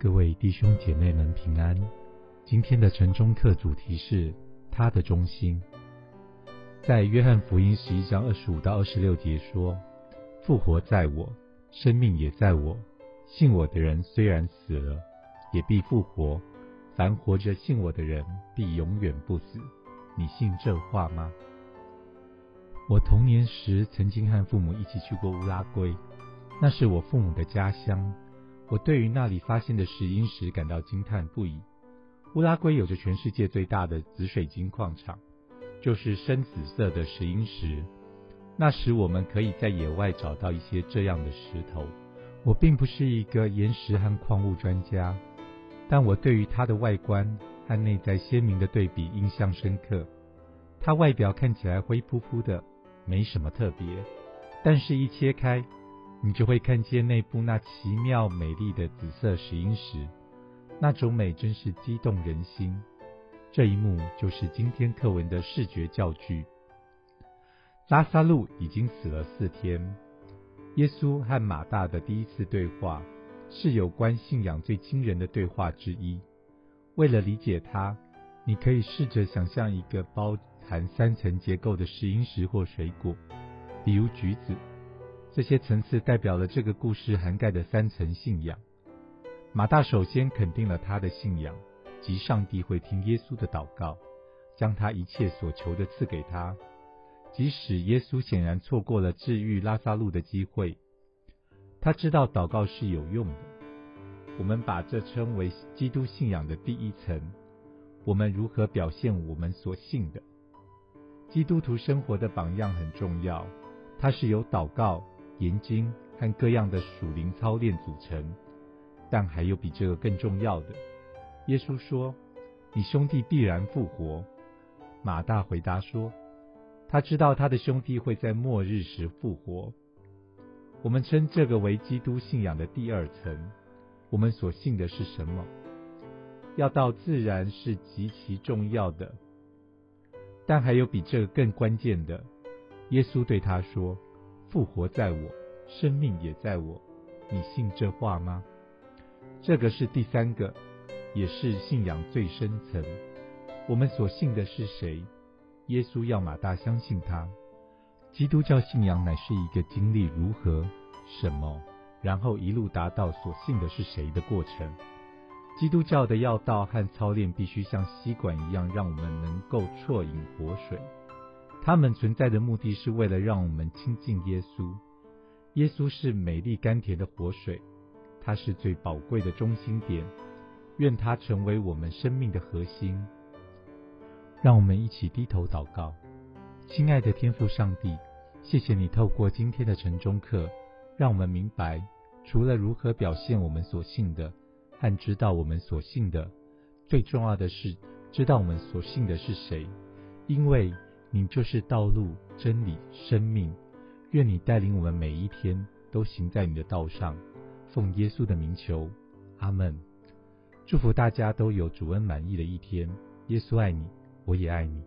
各位弟兄姐妹們平安，今天的晨鐘課主題是祂的中心。在約翰福音十一章二十五到二十六節說：“復活在我，生命也在我。信我的人雖然死了，也必復活；凡活着信我的人，必永遠不死。”你信這話嗎？我童年時曾經和父母一起去過烏拉圭，那是我父母的家鄉。我對於那裡發現的石英石感到驚嘆不已。烏拉圭有着全世界最大的紫水晶礦場，就是深紫色的石英石。那時我們可以在野外找到一些這樣的石頭。我並不是一個岩石和礦物專家，但我對於它的外觀和內在鮮明的對比印象深刻。它外表看起來灰撲撲的，沒什麼特別，但是一切開。你就會看見內部那奇妙美麗的紫色石英石，那種美真是激動人心。這一幕就是今天課文的視覺教具。拉撒路已經死了四天。耶穌和馬大的第一次對話，是有關信仰最驚人的對話之一。為了理解它，你可以試着想象一個包含三層結構的石英石或水果，比如橘子。這些層次代表了這個故事涵蓋的三層信仰。馬大首先肯定了他的信仰，即上帝會聽耶穌的禱告，將他一切所求的賜給他。即使耶穌顯然錯過了治癒拉撒路的機會，他知道禱告是有用的。我們把這稱為基督信仰的第一層。我們如何表現我們所信的基督徒生活的榜樣很重要。它是有禱告，研經和各樣的屬靈操練組成，但還有比這個更重要的。耶穌說：“你兄弟必然復活。”馬大回答說：“他知道他的兄弟會在末日時復活。”我們稱這個為基督信仰的第二層。我們所信的是什麼？要道自然是極其重要的，但還有比這個更關鍵的。耶穌對他說。復活在我，生命也在我，你信這話嗎？這個是第三個，也是信仰最深層。我們所信的是誰？耶穌要馬大相信他。基督教信仰乃是一個經歷如何什麼，然後一路達到所信的是誰的過程。基督教的要道和操練必須像吸管一樣，讓我們能夠啜飲活水。他們存在的目的是為了讓我們親近耶穌。耶穌是美麗甘甜的活水，他是最寶貴的中心點。願他成為我們生命的核心。讓我們一起低頭禱告，親愛的天父上帝，謝謝你透過今天的晨鐘課，讓我們明白，除了如何表現我們所信的和知道我們所信的，最重要的是知道我們所信的是誰，因為。你就是道路、真理、生命，願你帶領我們每一天都行在你的道上。奉耶穌的名求，阿門。祝福大家都有主恩滿溢的一天。耶穌愛你，我也愛你。